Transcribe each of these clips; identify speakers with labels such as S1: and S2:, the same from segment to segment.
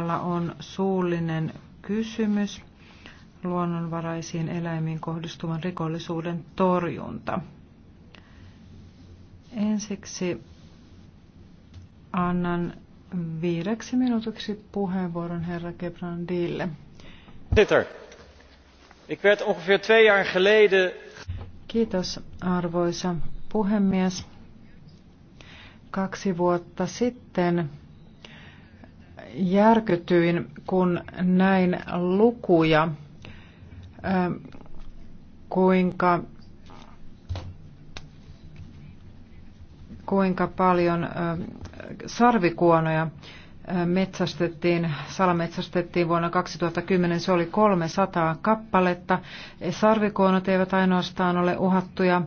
S1: listalla on suullinen kysymys luonnonvaraisiin eläimiin kohdistuvan rikollisuuden torjunta. Ensiksi annan viideksi minuutiksi puheenvuoron herra Gebrandille.
S2: Ik werd ongeveer twee jaar geleden...
S1: Kiitos arvoisa puhemies. Kaksi vuotta sitten järkytyin, kun näin lukuja, ähm, kuinka, kuinka paljon ähm, sarvikuonoja äh, metsästettiin, salametsästettiin vuonna 2010, se oli 300 kappaletta. Sarvikuonot eivät ainoastaan ole uhattuja,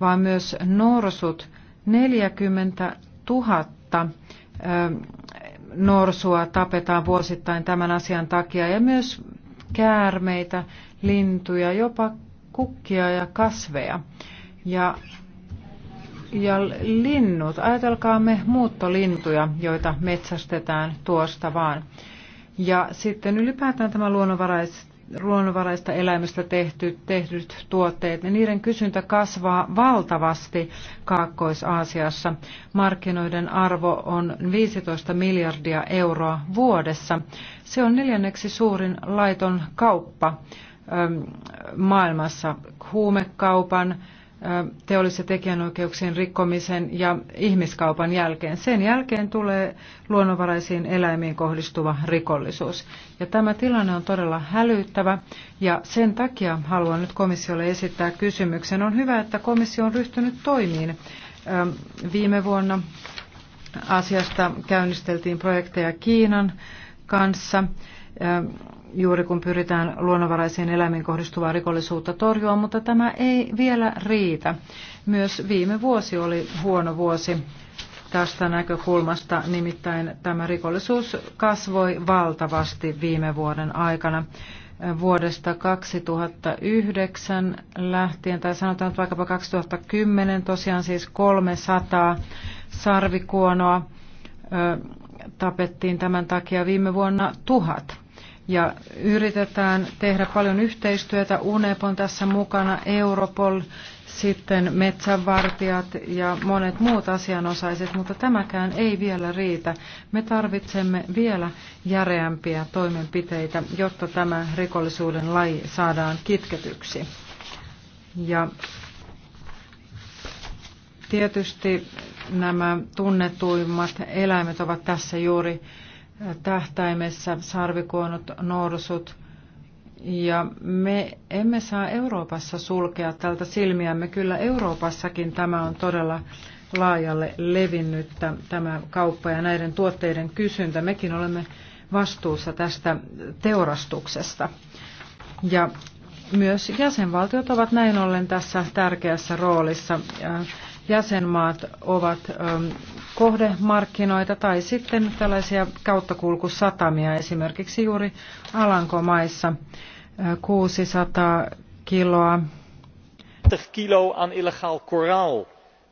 S1: vaan myös norsut 40 000 ähm, norsua tapetaan vuosittain tämän asian takia ja myös käärmeitä, lintuja, jopa kukkia ja kasveja. Ja, ja linnut, ajatelkaamme muuttolintuja, joita metsästetään tuosta vaan. Ja sitten ylipäätään tämä luonnonvarais, luonnonvaraista eläimistä tehty, tehdyt tuotteet, niin niiden kysyntä kasvaa valtavasti Kaakkois-Aasiassa. Markkinoiden arvo on 15 miljardia euroa vuodessa. Se on neljänneksi suurin laiton kauppa maailmassa huumekaupan, teollis- ja tekijänoikeuksien rikkomisen ja ihmiskaupan jälkeen. Sen jälkeen tulee luonnonvaraisiin eläimiin kohdistuva rikollisuus. Ja tämä tilanne on todella hälyttävä ja sen takia haluan nyt komissiolle esittää kysymyksen. On hyvä, että komissio on ryhtynyt toimiin. Viime vuonna asiasta käynnisteltiin projekteja Kiinan kanssa juuri kun pyritään luonnonvaraisiin eläimiin kohdistuvaa rikollisuutta torjua, mutta tämä ei vielä riitä. Myös viime vuosi oli huono vuosi tästä näkökulmasta, nimittäin tämä rikollisuus kasvoi valtavasti viime vuoden aikana. Vuodesta 2009 lähtien, tai sanotaan nyt vaikkapa 2010, tosiaan siis 300 sarvikuonoa tapettiin tämän takia viime vuonna tuhat ja yritetään tehdä paljon yhteistyötä. UNEP on tässä mukana, Europol, sitten metsänvartijat ja monet muut asianosaiset, mutta tämäkään ei vielä riitä. Me tarvitsemme vielä järeämpiä toimenpiteitä, jotta tämä rikollisuuden laji saadaan kitketyksi. Ja tietysti nämä tunnetuimmat eläimet ovat tässä juuri tähtäimessä sarvikoonut norsut. Ja me emme saa Euroopassa sulkea tältä silmiämme. Kyllä Euroopassakin tämä on todella laajalle levinnyttä, tämä kauppa ja näiden tuotteiden kysyntä. Mekin olemme vastuussa tästä teurastuksesta. Ja myös jäsenvaltiot ovat näin ollen tässä tärkeässä roolissa. Jäsenmaat ovat kohdemarkkinoita tai sitten tällaisia kauttakulkusatamia esimerkiksi juuri Alankomaissa 600 kiloa.
S3: 50 kilo aan illegaal koraal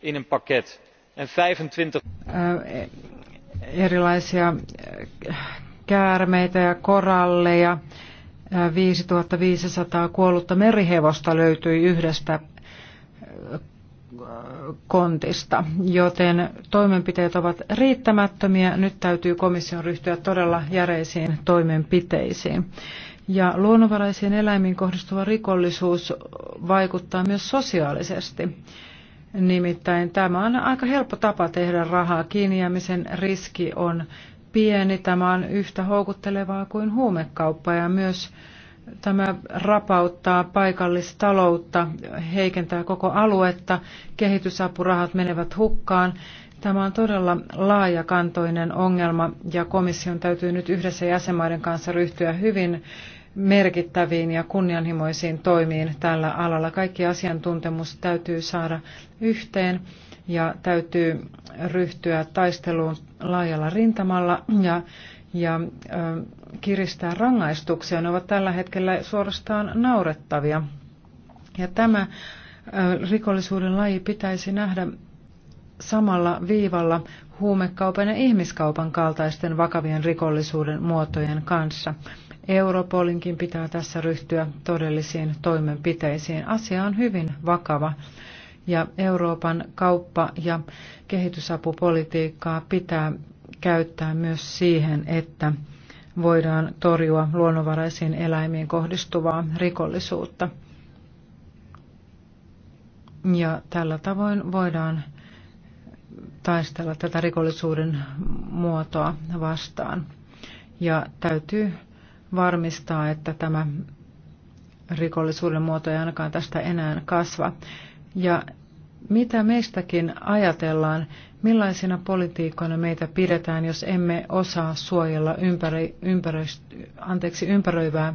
S3: in een pakket en 25
S1: äh, erilaisia äh, käärmeitä ja koralleja. 5500 äh, kuollutta merihevosta löytyi yhdestä kontista, joten toimenpiteet ovat riittämättömiä. Nyt täytyy komission ryhtyä todella järeisiin toimenpiteisiin. Ja luonnonvaraisiin eläimiin kohdistuva rikollisuus vaikuttaa myös sosiaalisesti. Nimittäin tämä on aika helppo tapa tehdä rahaa. Kiinniämisen riski on pieni. Tämä on yhtä houkuttelevaa kuin huumekauppa ja myös Tämä rapauttaa paikallistaloutta, heikentää koko aluetta, kehitysapurahat menevät hukkaan. Tämä on todella laajakantoinen ongelma ja komission täytyy nyt yhdessä jäsenmaiden kanssa ryhtyä hyvin merkittäviin ja kunnianhimoisiin toimiin tällä alalla. Kaikki asiantuntemus täytyy saada yhteen ja täytyy ryhtyä taisteluun laajalla rintamalla ja, ja ö, kiristää rangaistuksia. Ne ovat tällä hetkellä suorastaan naurettavia. Ja tämä rikollisuuden laji pitäisi nähdä samalla viivalla huumekaupan ja ihmiskaupan kaltaisten vakavien rikollisuuden muotojen kanssa. Europolinkin pitää tässä ryhtyä todellisiin toimenpiteisiin. Asia on hyvin vakava ja Euroopan kauppa- ja kehitysapupolitiikkaa pitää käyttää myös siihen, että voidaan torjua luonnonvaraisiin eläimiin kohdistuvaa rikollisuutta. Ja tällä tavoin voidaan taistella tätä rikollisuuden muotoa vastaan. Ja täytyy varmistaa, että tämä rikollisuuden muoto ei ainakaan tästä enää kasva. Ja mitä meistäkin ajatellaan, millaisina politiikoina meitä pidetään, jos emme osaa suojella ympäri, ympäri, anteeksi, ympäröivää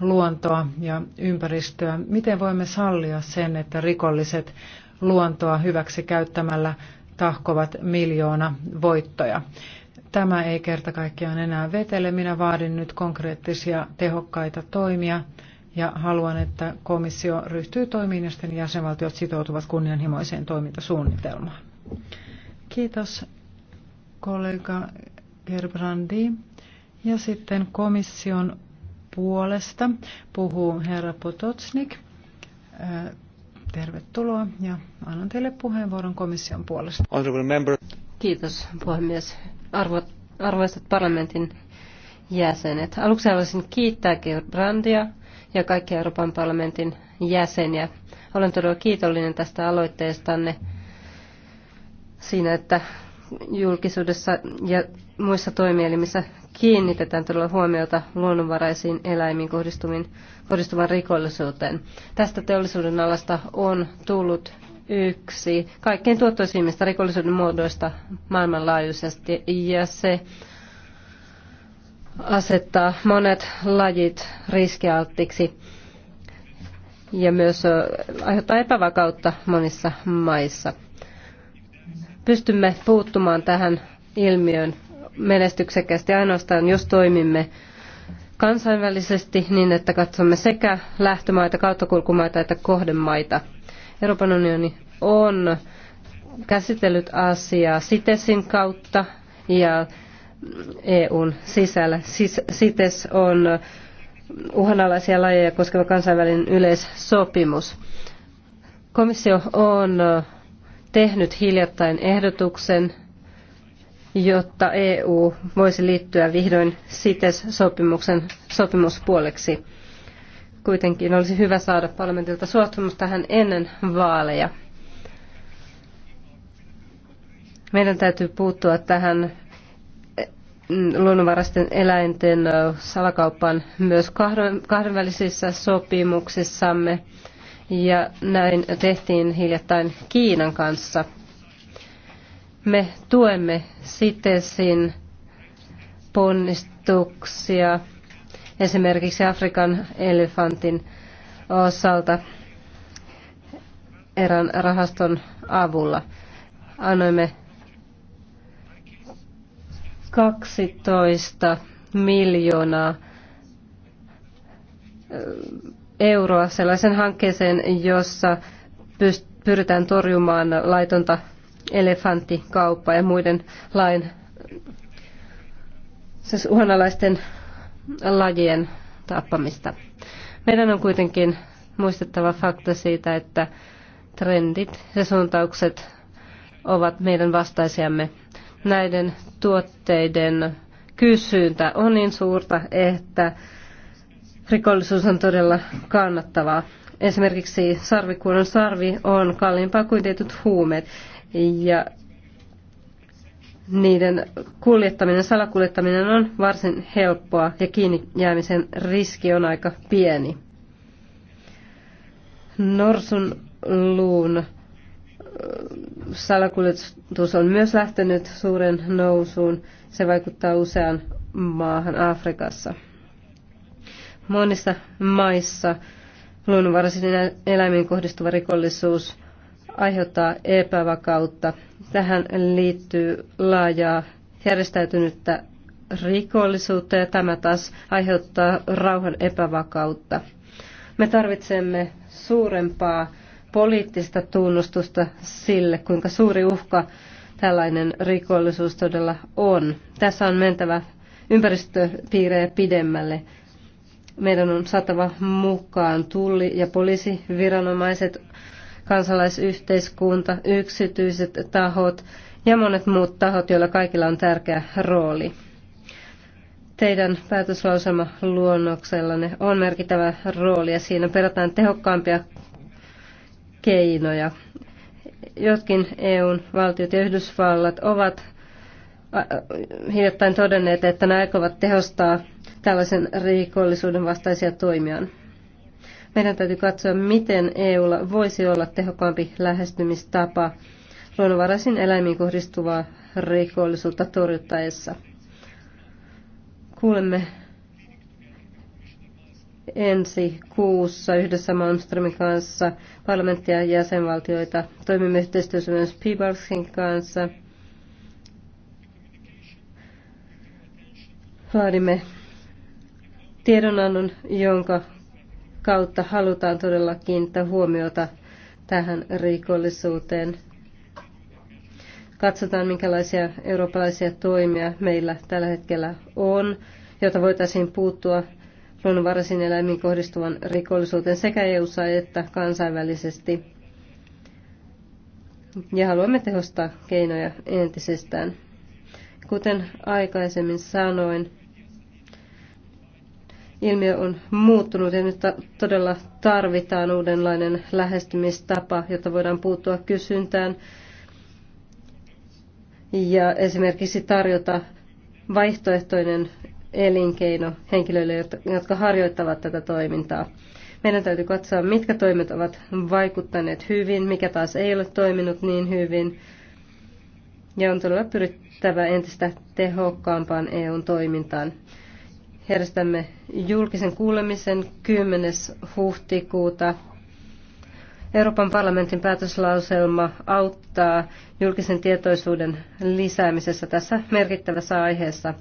S1: luontoa ja ympäristöä? Miten voimme sallia sen, että rikolliset luontoa hyväksi käyttämällä tahkovat miljoona voittoja? Tämä ei kerta kaikkiaan enää vetele. Minä vaadin nyt konkreettisia tehokkaita toimia ja haluan, että komissio ryhtyy toimiin ja sitten jäsenvaltiot sitoutuvat kunnianhimoiseen toimintasuunnitelmaan. Kiitos kollega Gerbrandi. Ja sitten komission puolesta puhuu herra Potocnik. Äh, tervetuloa ja annan teille puheenvuoron komission puolesta.
S3: Kiitos puhemies. Arvo, arvoisat parlamentin jäsenet. Aluksi haluaisin kiittää Gerbrandia ja kaikkia Euroopan parlamentin jäseniä. Olen todella kiitollinen tästä aloitteestanne siinä, että julkisuudessa ja muissa toimielimissä kiinnitetään todella huomiota luonnonvaraisiin eläimiin kohdistuvan rikollisuuteen. Tästä teollisuuden alasta on tullut yksi kaikkein tuottoisimmista rikollisuuden muodoista maailmanlaajuisesti ja se asettaa monet lajit riskialttiksi ja myös aiheuttaa epävakautta monissa maissa. Pystymme puuttumaan tähän ilmiön menestyksekkäästi ainoastaan, jos toimimme kansainvälisesti niin, että katsomme sekä lähtömaita, kauttakulkumaita että kohdemaita. Euroopan unioni on käsitellyt asiaa SITESin kautta ja EUn sisällä. CITES on uhanalaisia lajeja koskeva kansainvälinen yleissopimus. Komissio on tehnyt hiljattain ehdotuksen, jotta EU voisi liittyä vihdoin CITES-sopimuksen sopimuspuoleksi. Kuitenkin olisi hyvä saada parlamentilta suostumus tähän ennen vaaleja. Meidän täytyy puuttua tähän Mm, luonnonvaraisten eläinten salakauppaan myös kahdenvälisissä sopimuksissamme ja näin tehtiin hiljattain Kiinan kanssa. Me tuemme sitesin ponnistuksia esimerkiksi Afrikan elefantin osalta erään rahaston avulla. Annoimme 12 miljoonaa euroa sellaisen hankkeeseen, jossa pyritään torjumaan laitonta elefanttikauppaa ja muiden lain, siis uhanalaisten lajien tappamista. Meidän on kuitenkin muistettava fakta siitä, että trendit ja suuntaukset ovat meidän vastaisiamme näiden tuotteiden kysyntä on niin suurta, että rikollisuus on todella kannattavaa. Esimerkiksi sarvikuoron sarvi on kalliimpaa kuin tietyt huumeet ja niiden kuljettaminen, salakuljettaminen on varsin helppoa ja kiinni jäämisen riski on aika pieni. Norsun luun salakuljetus on myös lähtenyt suuren nousuun. Se vaikuttaa useaan maahan Afrikassa. Monissa maissa luonnonvaraisiin eläimiin kohdistuva rikollisuus aiheuttaa epävakautta. Tähän liittyy laajaa järjestäytynyttä rikollisuutta ja tämä taas aiheuttaa rauhan epävakautta. Me tarvitsemme suurempaa poliittista tunnustusta sille, kuinka suuri uhka tällainen rikollisuus todella on. Tässä on mentävä ympäristöpiirejä pidemmälle. Meidän on saatava mukaan tulli- ja poliisiviranomaiset, kansalaisyhteiskunta, yksityiset tahot ja monet muut tahot, joilla kaikilla on tärkeä rooli. Teidän päätöslauselma luonnoksellanne on merkittävä rooli ja siinä perataan tehokkaampia keinoja. Jotkin EUn valtiot ja Yhdysvallat ovat hiljattain todenneet, että ne aikovat tehostaa tällaisen rikollisuuden vastaisia toimiaan. Meidän täytyy katsoa, miten EUlla voisi olla tehokkaampi lähestymistapa luonnonvaraisiin eläimiin kohdistuvaa rikollisuutta torjuttaessa. Kuulemme ensi kuussa yhdessä Malmströmin kanssa parlamenttia ja jäsenvaltioita. Toimimme yhteistyössä myös Peebalsin kanssa. Laadimme tiedonannon, jonka kautta halutaan todella kiinnittää huomiota tähän rikollisuuteen. Katsotaan, minkälaisia eurooppalaisia toimia meillä tällä hetkellä on, jota voitaisiin puuttua luonnonvaraisiin eläimiin kohdistuvan rikollisuuteen sekä EU:ssa että kansainvälisesti. Ja haluamme tehostaa keinoja entisestään. Kuten aikaisemmin sanoin, ilmiö on muuttunut ja nyt todella tarvitaan uudenlainen lähestymistapa, jotta voidaan puuttua kysyntään ja esimerkiksi tarjota vaihtoehtoinen elinkeino henkilöille, jotka harjoittavat tätä toimintaa. Meidän täytyy katsoa, mitkä toimet ovat vaikuttaneet hyvin, mikä taas ei ole toiminut niin hyvin. Ja on todella pyrittävä entistä tehokkaampaan EUn toimintaan. Järjestämme julkisen kuulemisen 10. huhtikuuta. Euroopan parlamentin päätöslauselma auttaa julkisen tietoisuuden lisäämisessä tässä merkittävässä aiheessa.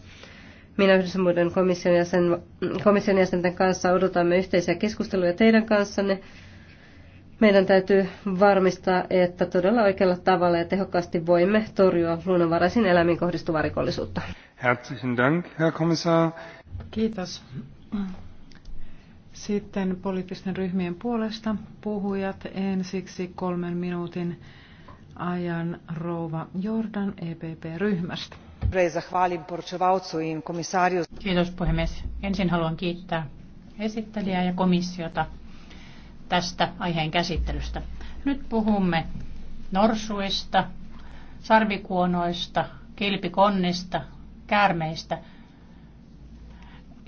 S3: Minä yhdessä muiden komission, jäsen, komission jäsenten kanssa odotamme yhteisiä keskusteluja teidän kanssanne. Meidän täytyy varmistaa, että todella oikealla tavalla ja tehokkaasti voimme torjua
S1: luonnonvaraisiin eläimiin kohdistuvaa rikollisuutta.
S2: Herzlichen Dank, Herr Kommissar.
S1: Kiitos. Sitten poliittisten ryhmien puolesta puhujat ensiksi kolmen minuutin ajan Rouva Jordan EPP-ryhmästä. Kiitos puhemies.
S2: Ensin haluan kiittää esittelijää ja komissiota tästä aiheen käsittelystä. Nyt puhumme norsuista, sarvikuonoista, kilpikonnista, käärmeistä.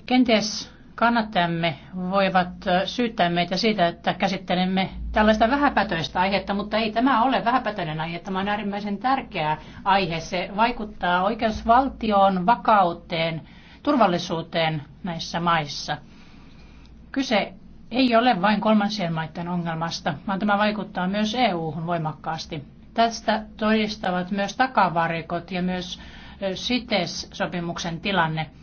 S2: Kenties kannattajamme voivat syyttää meitä siitä, että käsittelemme tällaista vähäpätöistä aihetta, mutta ei tämä ole vähäpätöinen aihe. Tämä on äärimmäisen tärkeä aihe. Se vaikuttaa oikeusvaltioon, vakauteen, turvallisuuteen näissä maissa. Kyse ei ole vain kolmansien maiden ongelmasta, vaan tämä vaikuttaa myös EU-hun voimakkaasti. Tästä todistavat myös takavarikot ja myös CITES-sopimuksen tilanne –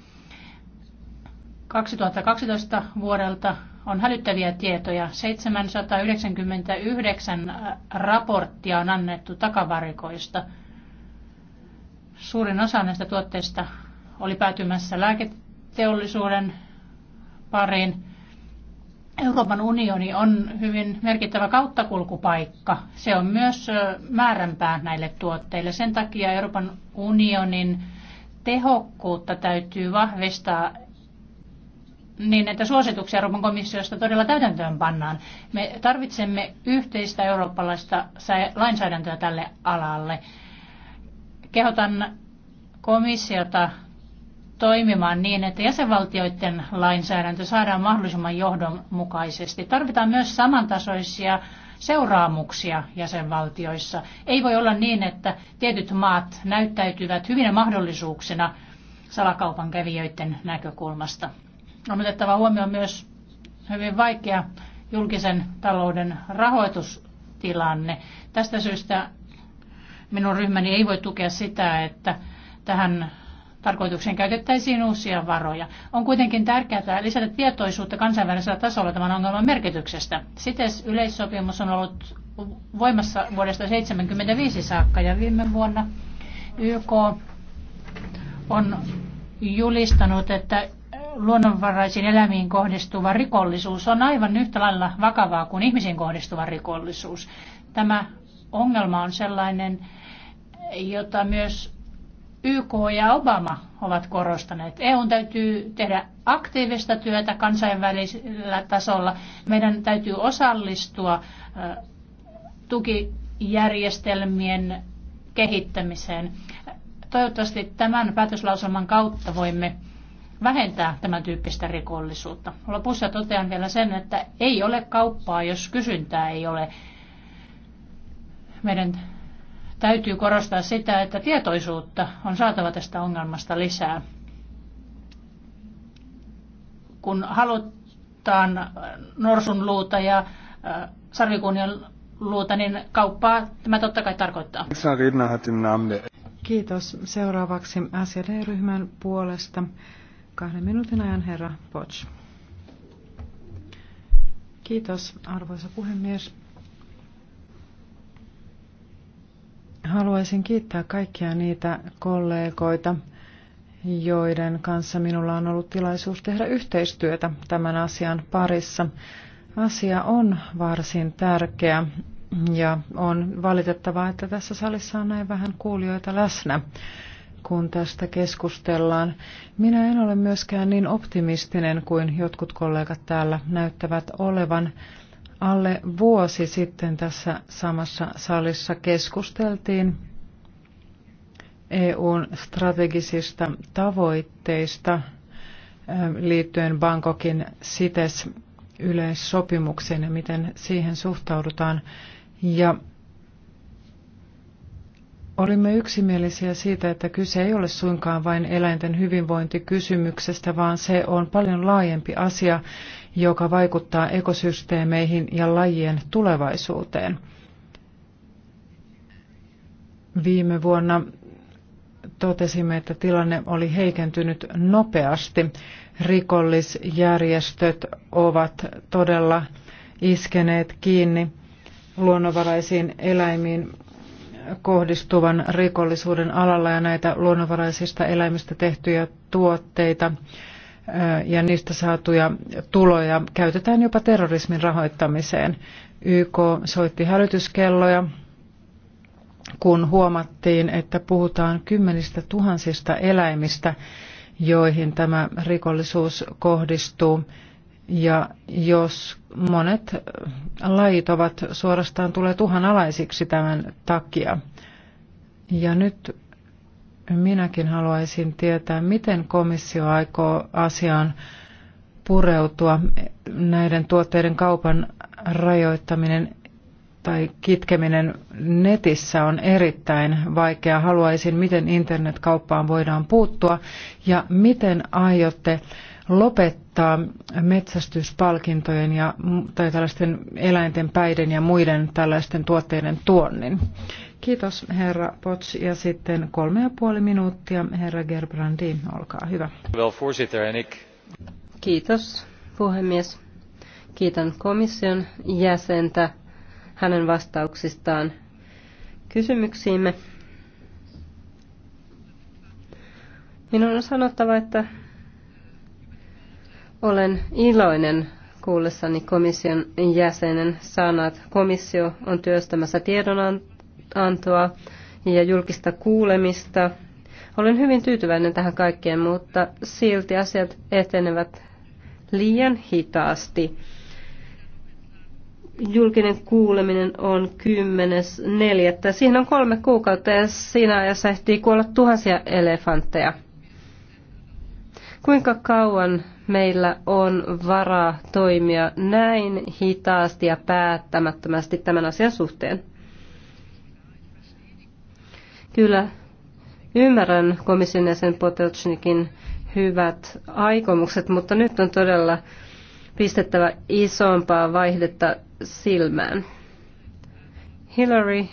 S2: 2012 vuodelta on hälyttäviä tietoja. 799 äh, raporttia on annettu takavarikoista. Suurin osa näistä tuotteista oli päätymässä lääketeollisuuden pariin. Euroopan unioni on hyvin merkittävä kauttakulkupaikka. Se on myös äh, määränpää näille tuotteille. Sen takia Euroopan unionin tehokkuutta täytyy vahvistaa niin, että suosituksia Euroopan komissiosta todella täytäntöön pannaan. Me tarvitsemme yhteistä eurooppalaista lainsäädäntöä tälle alalle. Kehotan komissiota toimimaan niin, että jäsenvaltioiden lainsäädäntö saadaan mahdollisimman johdonmukaisesti. Tarvitaan myös samantasoisia seuraamuksia jäsenvaltioissa. Ei voi olla niin, että tietyt maat näyttäytyvät hyvinä mahdollisuuksina salakaupan kävijöiden näkökulmasta. On otettava huomioon myös hyvin vaikea julkisen talouden rahoitustilanne. Tästä syystä minun ryhmäni ei voi tukea sitä, että tähän tarkoitukseen käytettäisiin uusia varoja. On kuitenkin tärkeää lisätä tietoisuutta kansainvälisellä tasolla tämän ongelman merkityksestä. Sites yleissopimus on ollut voimassa vuodesta 1975 saakka ja viime vuonna YK on julistanut, että luonnonvaraisiin elämiin kohdistuva rikollisuus on aivan yhtä lailla vakavaa kuin ihmisiin kohdistuva rikollisuus. Tämä ongelma on sellainen, jota myös YK ja Obama ovat korostaneet. EU täytyy tehdä aktiivista työtä kansainvälisellä tasolla. Meidän täytyy osallistua tukijärjestelmien kehittämiseen. Toivottavasti tämän päätöslauselman kautta voimme vähentää tämän tyyppistä rikollisuutta. Lopussa totean vielä sen, että ei ole kauppaa, jos kysyntää ei ole. Meidän täytyy korostaa sitä, että tietoisuutta on saatava tästä ongelmasta lisää. Kun halutaan norsun luuta ja sarvikuunion luuta, niin kauppaa tämä totta kai tarkoittaa.
S1: Kiitos. Seuraavaksi acd ryhmän puolesta kahden minuutin ajan herra Potsch. Kiitos, arvoisa puhemies. Haluaisin kiittää kaikkia niitä kollegoita, joiden kanssa minulla on ollut tilaisuus tehdä yhteistyötä tämän asian parissa. Asia on varsin tärkeä ja on valitettavaa, että tässä salissa on näin vähän kuulijoita läsnä kun tästä keskustellaan. Minä en ole myöskään niin optimistinen kuin jotkut kollegat täällä näyttävät olevan. Alle vuosi sitten tässä samassa salissa keskusteltiin EUn strategisista tavoitteista ähm, liittyen Bangkokin sites yleissopimukseen ja miten siihen suhtaudutaan. Ja Olimme yksimielisiä siitä, että kyse ei ole suinkaan vain eläinten hyvinvointikysymyksestä, vaan se on paljon laajempi asia, joka vaikuttaa ekosysteemeihin ja lajien tulevaisuuteen. Viime vuonna totesimme, että tilanne oli heikentynyt nopeasti. Rikollisjärjestöt ovat todella iskeneet kiinni luonnonvaraisiin eläimiin kohdistuvan rikollisuuden alalla ja näitä luonnonvaraisista eläimistä tehtyjä tuotteita ja niistä saatuja tuloja käytetään jopa terrorismin rahoittamiseen. YK soitti hälytyskelloja, kun huomattiin, että puhutaan kymmenistä tuhansista eläimistä, joihin tämä rikollisuus kohdistuu. Ja jos monet lajit ovat suorastaan tulee alaisiksi tämän takia. Ja nyt minäkin haluaisin tietää, miten komissio aikoo asiaan pureutua näiden tuotteiden kaupan rajoittaminen tai kitkeminen netissä on erittäin vaikea. Haluaisin, miten internetkauppaan voidaan puuttua ja miten aiotte lopettaa metsästyspalkintojen ja, tai tällaisten eläinten päiden ja muiden tällaisten tuotteiden tuonnin. Kiitos herra Potts ja sitten kolme ja puoli minuuttia herra Gerbrandi, olkaa hyvä.
S3: Kiitos puhemies. Kiitän komission jäsentä hänen vastauksistaan kysymyksiimme. Minun on sanottava, että olen iloinen kuullessani komission jäsenen sanat. Komissio on työstämässä tiedonantoa ja julkista kuulemista. Olen hyvin tyytyväinen tähän kaikkeen, mutta silti asiat etenevät liian hitaasti. Julkinen kuuleminen on 10.4. Siihen on kolme kuukautta ja siinä ajassa ehtii kuolla tuhansia elefantteja. Kuinka kauan meillä on varaa toimia näin hitaasti ja päättämättömästi tämän asian suhteen? Kyllä, ymmärrän komission jäsen Potocnikin hyvät aikomukset, mutta nyt on todella pistettävä isompaa vaihdetta silmään. Hillary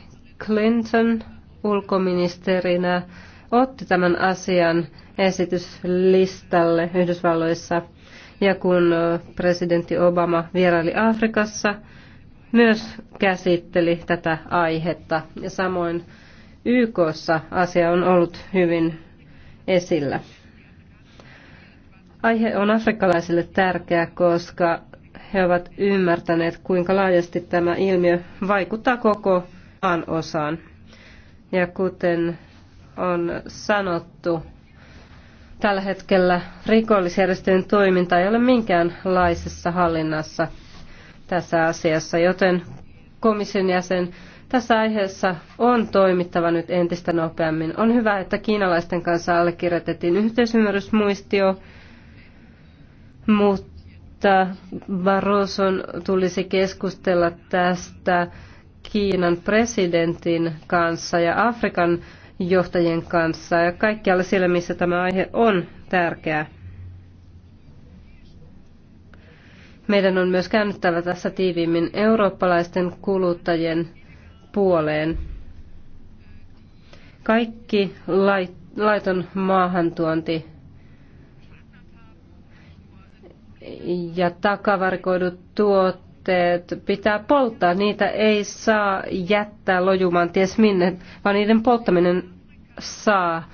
S3: Clinton ulkoministerinä otti tämän asian esityslistalle Yhdysvalloissa. Ja kun presidentti Obama vieraili Afrikassa, myös käsitteli tätä aihetta. Ja samoin YKssa asia on ollut hyvin esillä. Aihe on afrikkalaisille tärkeä, koska he ovat ymmärtäneet, kuinka laajasti tämä ilmiö vaikuttaa koko maan osaan. Ja kuten on sanottu, tällä hetkellä rikollisjärjestöjen toiminta ei ole minkäänlaisessa hallinnassa tässä asiassa, joten komission jäsen tässä aiheessa on toimittava nyt entistä nopeammin. On hyvä, että kiinalaisten kanssa allekirjoitettiin yhteisymmärrysmuistio, mutta Barroson tulisi keskustella tästä Kiinan presidentin kanssa ja Afrikan johtajien kanssa ja kaikkialla siellä, missä tämä aihe on tärkeä. Meidän on myös käännyttävä tässä tiiviimmin eurooppalaisten kuluttajien puoleen. Kaikki laiton maahantuonti ja takavarikoidut tuot, jätteet pitää polttaa. Niitä ei saa jättää lojumaan ties minne, vaan niiden polttaminen saa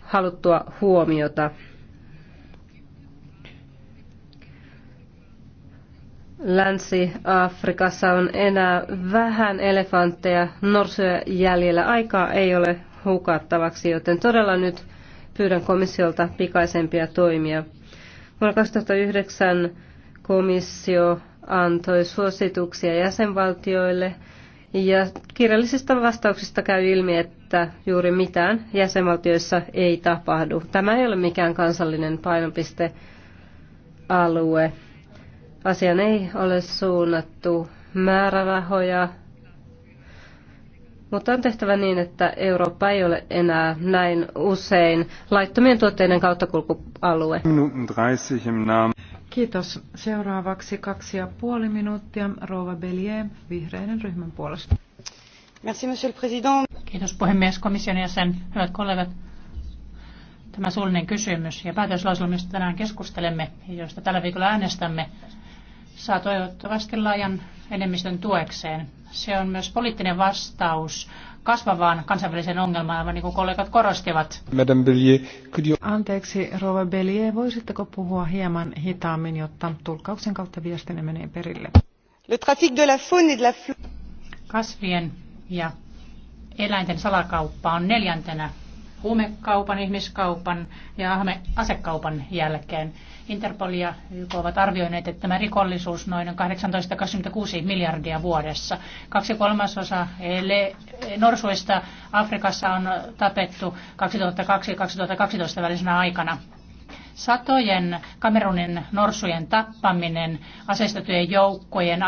S3: haluttua huomiota. Länsi-Afrikassa on enää vähän elefantteja, norsuja jäljellä. Aikaa ei ole hukattavaksi, joten todella nyt pyydän komissiolta pikaisempia toimia. Vuonna 2009 komissio antoi suosituksia jäsenvaltioille ja kirjallisista vastauksista käy ilmi, että juuri mitään jäsenvaltioissa ei tapahdu. Tämä ei ole mikään kansallinen painopistealue. Asian ei ole suunnattu määrärahoja, mutta on tehtävä niin, että Eurooppa ei ole enää näin usein laittomien tuotteiden kauttakulkualue.
S1: Kiitos. Seuraavaksi kaksi ja puoli minuuttia. Rouva Bellier, vihreiden ryhmän puolesta.
S2: Merci, monsieur le président. Kiitos puhemies, komission jäsen, hyvät kollegat. Tämä suullinen kysymys ja päätöslauselmista tänään keskustelemme ja josta tällä viikolla äänestämme, saa toivottavasti laajan enemmistön tuekseen. Se on myös poliittinen vastaus kasvavaan kansainväliseen ongelmaan, aivan niin kuin kollegat korostivat.
S1: Madame Bellier, could you... Anteeksi, Rova Bellier, voisitteko puhua hieman hitaammin, jotta tulkauksen kautta viestinne menee perille?
S3: Le trafic de la faune et de
S2: la Kasvien ja eläinten salakauppa on neljäntenä huumekaupan, ihmiskaupan ja asekaupan jälkeen. Interpol ja YK ovat arvioineet, että tämä rikollisuus noin 18-26 miljardia vuodessa. Kaksi kolmasosa norsuista Afrikassa on tapettu 2002-2012 välisenä aikana. Satojen Kamerunin norsujen tappaminen, aseistetujen joukkojen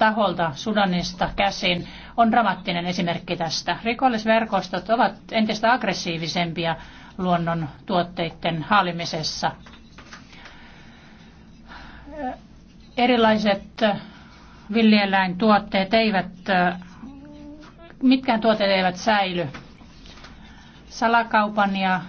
S2: taholta Sudanista käsin on dramaattinen esimerkki tästä. Rikollisverkostot ovat entistä aggressiivisempia luonnon tuotteiden haalimisessa. Erilaiset villieläintuotteet eivät, mitkään tuotteet eivät säily. Salakaupan ja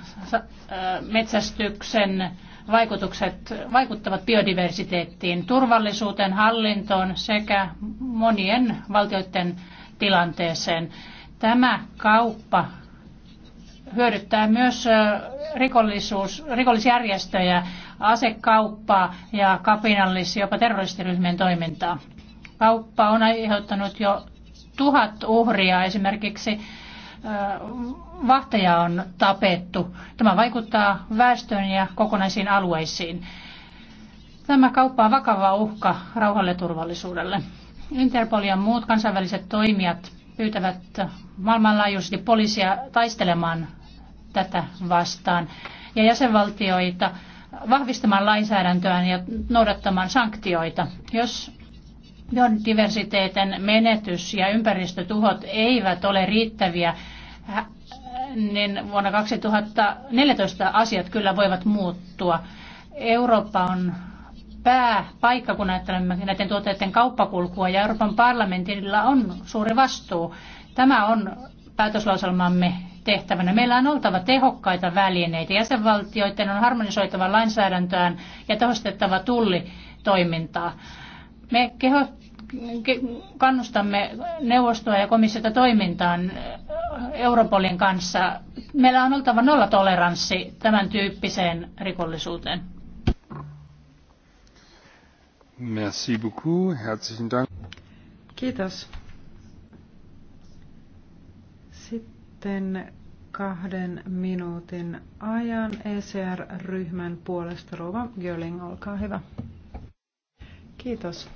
S2: metsästyksen vaikutukset vaikuttavat biodiversiteettiin, turvallisuuteen, hallintoon sekä monien valtioiden tilanteeseen. Tämä kauppa hyödyttää myös rikollisuus, rikollisjärjestöjä, asekauppaa ja kapinallisia jopa terroristiryhmien toimintaa. Kauppa on aiheuttanut jo tuhat uhria esimerkiksi vahteja on tapettu. Tämä vaikuttaa väestöön ja kokonaisiin alueisiin. Tämä kauppa on vakava uhka rauhalle ja turvallisuudelle. Interpol ja muut kansainväliset toimijat pyytävät maailmanlaajuisesti poliisia taistelemaan tätä vastaan ja jäsenvaltioita vahvistamaan lainsäädäntöään ja noudattamaan sanktioita. Jos biodiversiteetin menetys ja ympäristötuhot eivät ole riittäviä, niin vuonna 2014 asiat kyllä voivat muuttua. Eurooppa on pääpaikka, kun ajattelemme näiden tuotteiden kauppakulkua, ja Euroopan parlamentilla on suuri vastuu. Tämä on päätöslauselmamme tehtävänä. Meillä on oltava tehokkaita välineitä. Jäsenvaltioiden on harmonisoitava lainsäädäntöään ja tehostettava tullitoimintaa. Me kehot kannustamme neuvostoa ja komissiota toimintaan Europolin kanssa. Meillä on oltava nollatoleranssi tämän tyyppiseen rikollisuuteen.
S3: Merci beaucoup. Herzlichen Dank.
S1: Kiitos. Sitten kahden minuutin ajan ECR-ryhmän puolesta Rova Göling, olkaa hyvä. Kiitos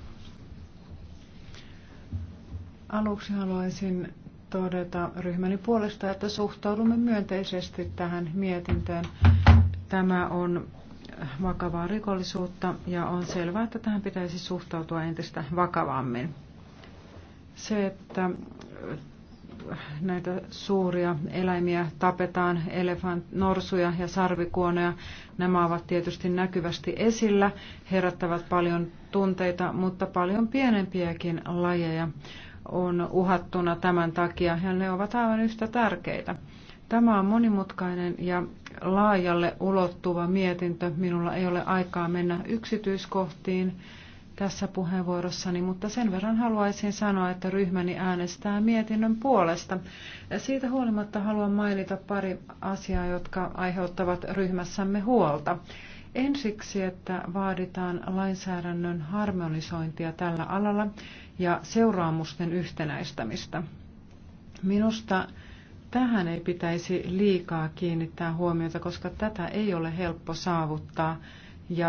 S1: Aluksi haluaisin todeta ryhmäni puolesta, että suhtaudumme myönteisesti tähän mietintöön. Tämä on vakavaa rikollisuutta ja on selvää, että tähän pitäisi suhtautua entistä vakavammin. Se, että näitä suuria eläimiä tapetaan, elefant, norsuja ja sarvikuoneja, Nämä ovat tietysti näkyvästi esillä, herättävät paljon tunteita, mutta paljon pienempiäkin lajeja on uhattuna tämän takia ja ne ovat aivan yhtä tärkeitä. Tämä on monimutkainen ja laajalle ulottuva mietintö. Minulla ei ole aikaa mennä yksityiskohtiin tässä puheenvuorossani, mutta sen verran haluaisin sanoa, että ryhmäni äänestää mietinnön puolesta. ja Siitä huolimatta haluan mainita pari asiaa, jotka aiheuttavat ryhmässämme huolta. Ensiksi, että vaaditaan lainsäädännön harmonisointia tällä alalla ja seuraamusten yhtenäistämistä. Minusta tähän ei pitäisi liikaa kiinnittää huomiota, koska tätä ei ole helppo saavuttaa